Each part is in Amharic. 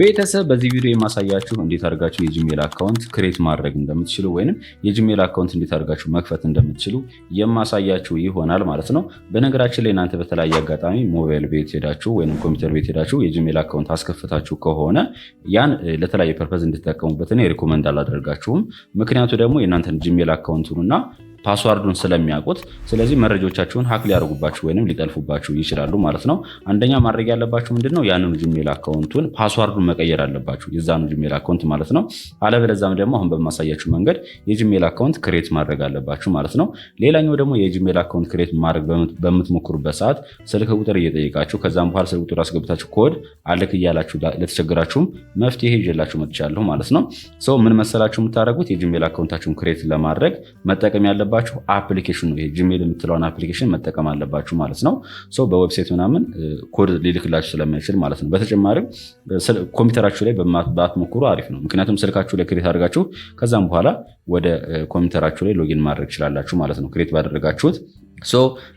ቤተሰብ በዚህ ቪዲዮ የማሳያችሁ እንዴት አድርጋችሁ የጂሜል አካውንት ክሬት ማድረግ እንደምትችሉ ወይንም የጂሜል አካውንት እንዴት አድርጋችሁ መክፈት እንደምትችሉ የማሳያችሁ ይሆናል ማለት ነው። በነገራችን ላይ እናንተ በተለያየ አጋጣሚ ሞባይል ቤት ሄዳችሁ ወይም ኮምፒውተር ቤት ሄዳችሁ የጂሜል አካውንት አስከፍታችሁ ከሆነ ያን ለተለያየ ፐርፐዝ እንድትጠቀሙበት እኔ ሪኮመንድ አላደርጋችሁም። ምክንያቱ ደግሞ የእናንተን ጂሜል አካውንቱን እና ፓስዋርዱን ስለሚያውቁት፣ ስለዚህ መረጃዎቻችሁን ሀክ ሊያደርጉባችሁ ወይም ሊጠልፉባችሁ ይችላሉ ማለት ነው። አንደኛ ማድረግ ያለባችሁ ምንድነው ያንኑ ጂሜል አካውንቱን ፓስዋርዱን መቀየር አለባችሁ፣ የዛኑ ጂሜል አካውንት ማለት ነው። አለበለዚያም ደግሞ አሁን በማሳያችሁ መንገድ የጂሜል አካውንት ክሬት ማድረግ አለባችሁ ማለት ነው። ሌላኛው ደግሞ የጂሜል አካውንት ክሬት ማድረግ በምትሞክሩበት ሰዓት ስልክ ቁጥር እየጠየቃችሁ ከዛም በኋላ ስልክ ቁጥር አስገብታችሁ ኮድ አልክ እያላችሁ ለተቸግራችሁም መፍትሄ ይላችሁ መጥቻለሁ ማለት ነው። ሰው ምን መሰላችሁ የምታደርጉት የጂሜል አካውንታችሁን ክሬት ለማድረግ መጠቀም ያለባ ያለባችሁ አፕሊኬሽን ነው። ጂሜል የምትለውን አፕሊኬሽን መጠቀም አለባችሁ ማለት ነው። በዌብሳይት ምናምን ኮድ ሊልክላችሁ ስለማይችል ማለት ነው። በተጨማሪም ኮምፒውተራችሁ ላይ ባትሞክሩ አሪፍ ነው። ምክንያቱም ስልካችሁ ላይ ክሬት አድርጋችሁ ከዛም በኋላ ወደ ኮምፒውተራችሁ ላይ ሎጊን ማድረግ ይችላላችሁ ማለት ነው ክሬት ባደረጋችሁት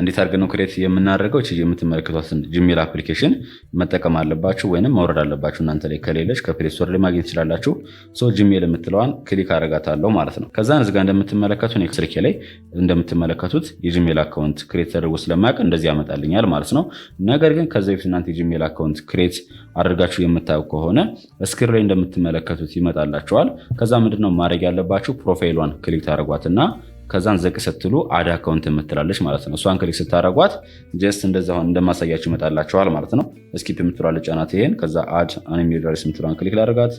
እንዴት አድርገን ነው ክሬት የምናደርገው? ች የምትመለከቷትን ጂሜል አፕሊኬሽን መጠቀም አለባችሁ ወይንም መውረድ አለባችሁ። እናንተ ላይ ከሌለች ከፕሌስቶር ላይ ማግኘት ሶ ጂሜል የምትለዋን ክሊክ አረጋታለሁ ማለት ነው። ከዛን እዚጋ እንደምትመለከቱ ስልኬ ላይ እንደምትመለከቱት የጂሜል አካውንት ክሬት ተደርጎ ስለማያውቅ እንደዚህ ያመጣልኛል ማለት ነው። ነገር ግን ከዚ በፊት እናንተ የጂሜል አካውንት ክሬት አድርጋችሁ የምታዩ ከሆነ እስክሪን ላይ እንደምትመለከቱት ይመጣላችኋል። ከዛ ምንድነው ማድረግ ያለባችሁ ፕሮፋይሏን ክሊክ ታደርጓትና ከዛን ዘቅ ስትሉ አድ አካውንት የምትላለች ማለት ነው። እሷን ክሊክ ስታደረጓት ጀስት እንደዛ አሁን እንደማሳያችሁ ይመጣላችኋል ማለት ነው። እስኪፕ የምትሏለ ጫናት ይሄን ከዛ አድ አንሚዳሪስ የምትሏን ክሊክ ላደርጋት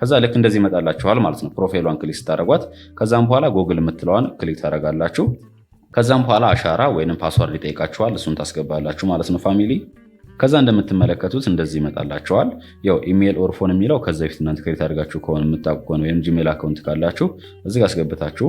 ከዛ ልክ እንደዚህ ይመጣላችኋል ማለት ነው። ፕሮፋይሏን ክሊክ ስታደረጓት ከዛም በኋላ ጎግል የምትለዋን ክሊክ ታደረጋላችሁ። ከዛም በኋላ አሻራ ወይንም ፓስዋርድ ይጠይቃችኋል። እሱን ታስገባላችሁ ማለት ነው ፋሚሊ ከዛ እንደምትመለከቱት እንደዚህ ይመጣላቸዋል። ያው ኢሜል ኦርፎን የሚለው ከዚ በፊት እናንተ ክሬት አድርጋችሁ ከሆነ የምታውቁ ከሆነ ወይም ጂሜል አካውንት ካላችሁ እዚህ ጋር አስገብታችሁ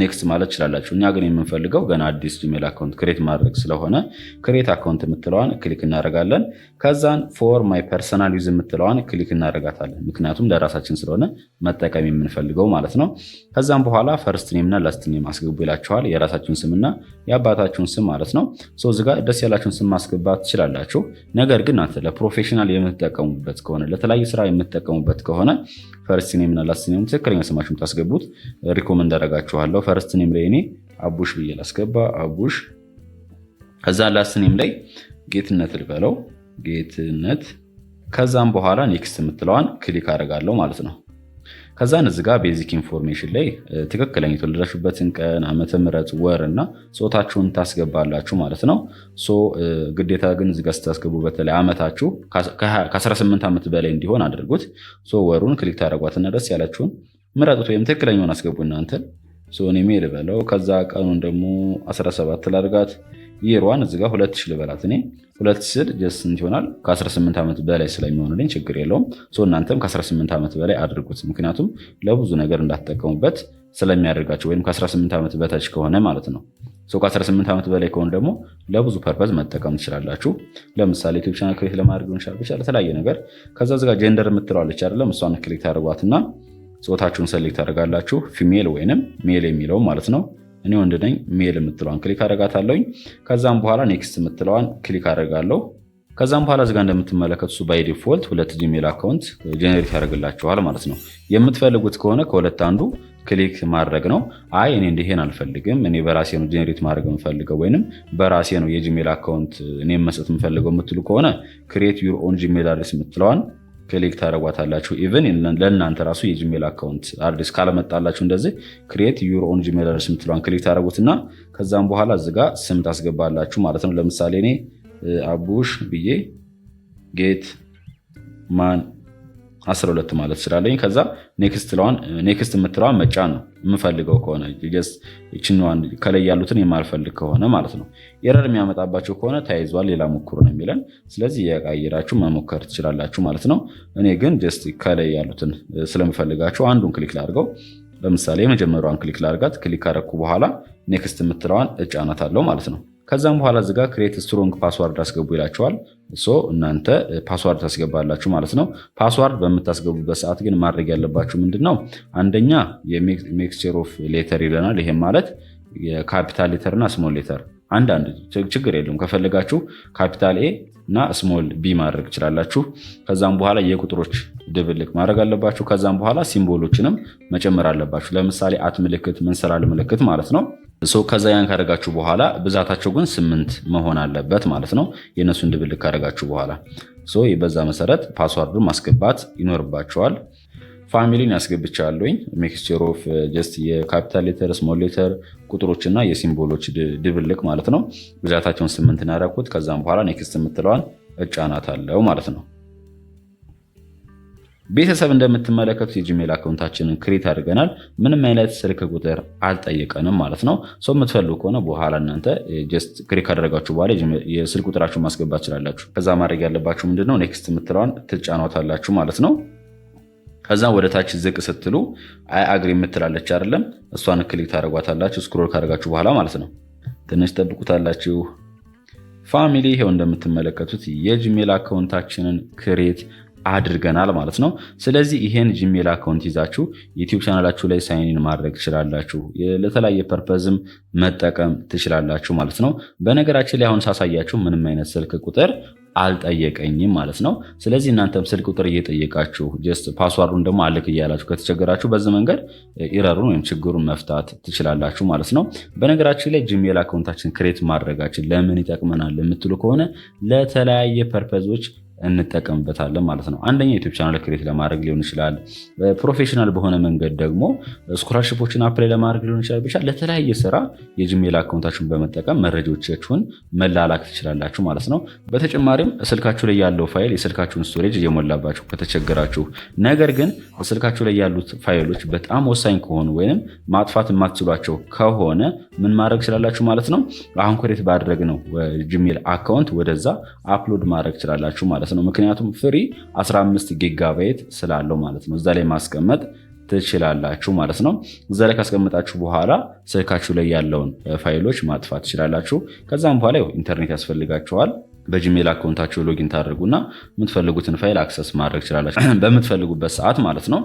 ኔክስት ማለት ትችላላችሁ። እኛ ግን የምንፈልገው ገና አዲስ ጂሜል አካውንት ክሬት ማድረግ ስለሆነ ክሬት አካውንት የምትለዋን ክሊክ እናደርጋለን። ከዛን ፎር ማይ ፐርሰናል ዩዝ የምትለዋን ክሊክ እናደርጋታለን። ምክንያቱም ለራሳችን ስለሆነ መጠቀም የምንፈልገው ማለት ነው። ከዛም በኋላ ፈርስት ኔምና ላስት ኔም አስገቡ ይላችኋል። የራሳችሁን ስምና የአባታችሁን ስም ማለት ነው። እዚ ጋር ደስ ያላችሁን ስም ማስገባት ትችላላችሁ። ነገር ግን አንተ ለፕሮፌሽናል የምትጠቀሙበት ከሆነ ለተለያዩ ስራ የምትጠቀሙበት ከሆነ ፈርስት ኔምና ላስት ኔም ትክክለኛ ስማችሁን ታስገቡት ሪኮመንድ ያደርጋችኋል አስገባለሁ። ፈርስት ኔም ላይ እኔ አቡሽ ብዬ ላስገባ አቡሽ። ከዛ ላስት ኔም ላይ ጌትነት ልበለው ጌትነት። ከዛም በኋላ ኔክስት የምትለዋን ክሊክ አደርጋለሁ ማለት ነው። ከዛን እዚ ጋር ቤዚክ ኢንፎርሜሽን ላይ ትክክለኛ የተወለዳችሁበትን ቀን፣ ዓመተ ምሕረት፣ ወር እና ጾታችሁን ታስገባላችሁ ማለት ነው። ሶ ግዴታ ግን እዚ ጋር ስታስገቡ በተለይ ዓመታችሁ ከ18 ዓመት በላይ እንዲሆን አድርጉት። ሶ ወሩን ክሊክ ታደረጓትና ደስ ያላችሁን ምረጡት ወይም ትክክለኛውን አስገቡ እናንተን። ሲሆን ሶኔሜ ልበለው። ከዛ ቀኑን ደግሞ 17 ላድርጋት። ይሯን እዚጋ ሁለት ሺ ልበላት። እኔ ሁለት ስል ስንት ይሆናል? ከ18 ዓመት በላይ ስለሚሆንልኝ ችግር የለውም። እናንተም ከ18 ዓመት በላይ አድርጉት። ምክንያቱም ለብዙ ነገር እንዳትጠቀሙበት ስለሚያደርጋቸው ወይም ከ18 ዓመት በታች ከሆነ ማለት ነው። ከ18 ዓመት በላይ ከሆኑ ደግሞ ለብዙ ፐርፐዝ መጠቀም ትችላላችሁ። ለምሳሌ ዩቲዩብ ቻናል ክሬት ለማድረግ ሆንሻል፣ ለተለያየ ነገር። ከዛ ዝጋ ጀንደር የምትለዋለች አይደለም? እሷን ክሊክ ታደርጓትና ጾታችሁን ሰሌክት ታደርጋላችሁ። ፊሜል ወይንም ሜል የሚለው ማለት ነው። እኔ ወንድ ነኝ ሜል የምትለዋን ክሊክ አደርጋታለሁኝ። ከዛም በኋላ ኔክስት የምትለዋን ክሊክ አደርጋለሁ። ከዛም በኋላ እዚጋ እንደምትመለከቱ ባይ ዲፎልት ሁለት ጂሜል አካውንት ጀኔሬት ያደርግላችኋል ማለት ነው። የምትፈልጉት ከሆነ ከሁለት አንዱ ክሊክ ማድረግ ነው። አይ እኔ እንዲሄን አልፈልግም፣ እኔ በራሴ ነው ጀኔሬት ማድረግ የምፈልገው ወይንም በራሴ ነው የጂሜል አካውንት እኔ መስጠት የምፈልገው የምትሉ ከሆነ ክሬት ዩር ኦን ጂሜል አድሬስ የምትለዋን ክሊክ ታደረጓታላችሁ። ኢቨን ለእናንተ ራሱ የጂሜል አካውንት አድሬስ ካለመጣላችሁ እንደዚህ ክሬት ዩር ኦን ጂሜል አድሬስ የምትለዋን ክሊክ ታደረጉትና ከዛም በኋላ እዚጋ ስም ታስገባላችሁ ማለት ነው። ለምሳሌ እኔ አቡሽ ብዬ ጌት ማን ሁለት ማለት ስላለኝ ከዛ ኔክስት የምትለዋን መጫን ነው የምፈልገው ከሆነ ችንዋን ከላይ ያሉትን የማልፈልግ ከሆነ ማለት ነው። ኤረር የሚያመጣባቸው ከሆነ ተያይዟል፣ ሌላ ሞክሩ ነው የሚለን። ስለዚህ የቀይራችሁ መሞከር ትችላላችሁ ማለት ነው። እኔ ግን ጀስት ከላይ ያሉትን ስለምፈልጋቸው አንዱን ክሊክ ላድርገው። ለምሳሌ የመጀመሪያዋን ክሊክ ላድርጋት። ክሊክ ካረኩ በኋላ ኔክስት የምትለዋን እጫናት አለው ማለት ነው። ከዛም በኋላ እዚጋ ክሬት ስትሮንግ ፓስዋርድ አስገቡ ይላቸዋል። ሶ እናንተ ፓስዋርድ ታስገባላችሁ ማለት ነው። ፓስዋርድ በምታስገቡበት ሰዓት ግን ማድረግ ያለባችሁ ምንድን ነው? አንደኛ የሚክስቸር ኦፍ ሌተር ይለናል። ይሄም ማለት የካፒታል ሌተር እና ስሞል ሌተር አንዳንድ ችግር የለም። ከፈለጋችሁ ካፒታል ኤ እና ስሞል ቢ ማድረግ ትችላላችሁ። ከዛም በኋላ የቁጥሮች ድብልቅ ማድረግ አለባችሁ። ከዛም በኋላ ሲምቦሎችንም መጨመር አለባችሁ። ለምሳሌ አት ምልክት፣ ምንስላል ምልክት ማለት ነው። ከዛ ያን ካደረጋችሁ በኋላ ብዛታቸው ግን ስምንት መሆን አለበት ማለት ነው። የእነሱን ድብልቅ ካደረጋችሁ በኋላ በዛ መሰረት ፓስዋርዱን ማስገባት ይኖርባቸዋል። ፋሚሊን ያስገብቻለኝ ሚክስቸር ኦፍ ጀስት የካፒታል ሌተር፣ ስሞል ሌተር ቁጥሮች እና የሲምቦሎች ድብልቅ ማለት ነው። ብዛታቸውን ስምንት ናረኩት። ከዛም በኋላ ኔክስት የምትለዋን እጫናት አለው ማለት ነው። ቤተሰብ እንደምትመለከቱት የጂሜል አካውንታችንን ክሬት አድርገናል። ምንም አይነት ስልክ ቁጥር አልጠየቀንም ማለት ነው። ሰው የምትፈልጉ ከሆነ በኋላ እናንተ ጀስት ክሬት ካደረጋችሁ በኋላ የስልክ ቁጥራችሁን ማስገባት ትችላላችሁ። ከዛ ማድረግ ያለባችሁ ምንድነው ኔክስት የምትለዋን ትጫኗታላችሁ ማለት ነው። ከዛ ወደ ታች ዝቅ ስትሉ አይ አግሪ የምትላለች አይደለም፣ እሷን ክሊክ ታደርጓታላችሁ። ስክሮል ካደረጋችሁ በኋላ ማለት ነው። ትንሽ ጠብቁታላችሁ። ፋሚሊ ይሄው እንደምትመለከቱት የጂሜል አካውንታችንን ክሬት አድርገናል ማለት ነው። ስለዚህ ይሄን ጂሜል አካውንት ይዛችሁ ዩቲዩብ ቻናላችሁ ላይ ሳይንን ማድረግ ትችላላችሁ። ለተለያየ ፐርፐዝም መጠቀም ትችላላችሁ ማለት ነው። በነገራችን ላይ አሁን ሳሳያችሁ ምንም አይነት ስልክ ቁጥር አልጠየቀኝም ማለት ነው። ስለዚህ እናንተም ስልክ ቁጥር እየጠየቃችሁ ጀስት ፓስዋርዱን ደግሞ አልክ እያላችሁ ከተቸገራችሁ በዚህ መንገድ ኢረሩን ወይም ችግሩን መፍታት ትችላላችሁ ማለት ነው። በነገራችን ላይ ጂሜል አካውንታችን ክሬት ማድረጋችን ለምን ይጠቅመናል የምትሉ ከሆነ ለተለያየ ፐርፐዞች እንጠቀምበታለን ማለት ነው። አንደኛ ዩቲብ ቻናል ክሬት ለማድረግ ሊሆን ይችላል። ፕሮፌሽናል በሆነ መንገድ ደግሞ ስኮላርሽፖችን አፕላይ ለማድረግ ሊሆን ይችላል። ብቻ ለተለያየ ስራ የጂሜል አካውንታችሁን በመጠቀም መረጃዎቻችሁን መላላክ ትችላላችሁ ማለት ነው። በተጨማሪም ስልካችሁ ላይ ያለው ፋይል የስልካችሁን ስቶሬጅ እየሞላባችሁ ከተቸገራችሁ፣ ነገር ግን ስልካችሁ ላይ ያሉት ፋይሎች በጣም ወሳኝ ከሆኑ ወይም ማጥፋት የማትችሏቸው ከሆነ ምን ማድረግ ትችላላችሁ ማለት ነው። አሁን ክሬት ባደረግነው ጂሜል አካውንት ወደዛ አፕሎድ ማድረግ ትችላላችሁ ማለት ነው። ማለት ነው። ምክንያቱም ፍሪ 15 ጊጋባይት ስላለው ማለት ነው። እዛ ላይ ማስቀመጥ ትችላላችሁ ማለት ነው። እዛ ላይ ካስቀመጣችሁ በኋላ ስልካችሁ ላይ ያለውን ፋይሎች ማጥፋት ትችላላችሁ። ከዛም በኋላ ኢንተርኔት ያስፈልጋችኋል። በጂሜል አካውንታችሁ ሎጊን ታደርጉና የምትፈልጉትን ፋይል አክሰስ ማድረግ ትችላላችሁ በምትፈልጉበት ሰዓት ማለት ነው።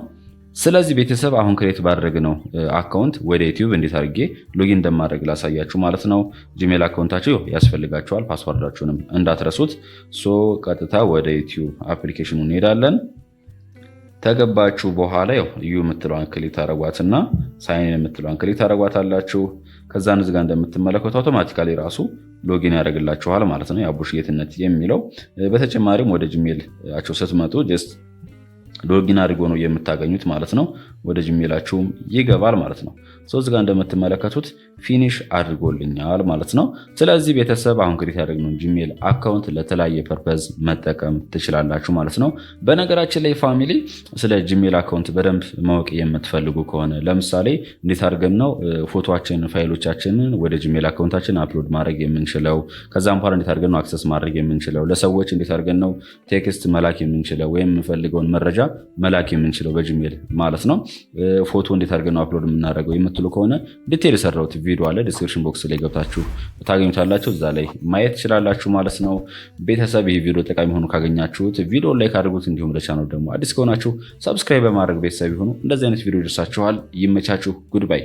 ስለዚህ ቤተሰብ አሁን ክሬት ነው አካውንት ወደ ዩቲዩብ እንዴት አድርጌ ሎጊን እንደማድረግ ላሳያችሁ ማለት ነው። ጂሜል አካውንታችሁ ያስፈልጋችኋል፣ ፓስወርዳችሁንም እንዳትረሱት። ሶ ቀጥታ ወደ ዩቲዩብ አፕሊኬሽኑ እንሄዳለን። ተገባችሁ በኋላ ያው እዩ የምትለዋን ክሊክ አረጓትና ሳይን የምትለዋን ክሊክ ታደረጓት አላችሁ። ከዛን እዚህ እንደምትመለከቱ አውቶማቲካሊ ራሱ ሎጊን ያደርግላችኋል ማለት ነው፣ የአቡሽ ጌትነት የሚለው በተጨማሪም ወደ ጂሜላችሁ ስትመጡ ጀስት ሎጊን አድርጎ ነው የምታገኙት ማለት ነው። ወደ ጂሜላችሁም ይገባል ማለት ነው። ሰው ጋር እንደምትመለከቱት ፊኒሽ አድርጎልኛል ማለት ነው። ስለዚህ ቤተሰብ አሁን ክሬት ያደረግነውን ጂሜል አካውንት ለተለያየ ፐርፐዝ መጠቀም ትችላላችሁ ማለት ነው። በነገራችን ላይ ፋሚሊ ስለ ጂሜል አካውንት በደንብ ማወቅ የምትፈልጉ ከሆነ ለምሳሌ እንዴት አድርገን ነው ፎቶችን ፋይሎቻችንን ወደ ጂሜል አካውንታችን አፕሎድ ማድረግ የምንችለው፣ ከዛም በኋላ እንዴት አድርገን ነው አክሰስ ማድረግ የምንችለው፣ ለሰዎች እንዴት አድርገን ነው ቴክስት መላክ የምንችለው ወይም የምንፈልገውን መረጃ መላክ የምንችለው በጂሜል ማለት ነው። ፎቶ እንዴት አድርገን ነው አፕሎድ የምናደርገው የምትሉ ከሆነ ዲቴል የሰራሁት ቪዲዮ አለ ዲስክሪፕሽን ቦክስ ላይ ገብታችሁ ታገኙታላችሁ። እዛ ላይ ማየት ትችላላችሁ ማለት ነው። ቤተሰብ ይህ ቪዲዮ ጠቃሚ ሆኖ ካገኛችሁት ቪዲዮ ላይ አድርጉት፣ እንዲሁም ለቻናሉ ደግሞ አዲስ ከሆናችሁ ሰብስክራይብ በማድረግ ቤተሰብ ይሁኑ። እንደዚህ አይነት ቪዲዮ ይደርሳችኋል። ይመቻችሁ። ጉድባይ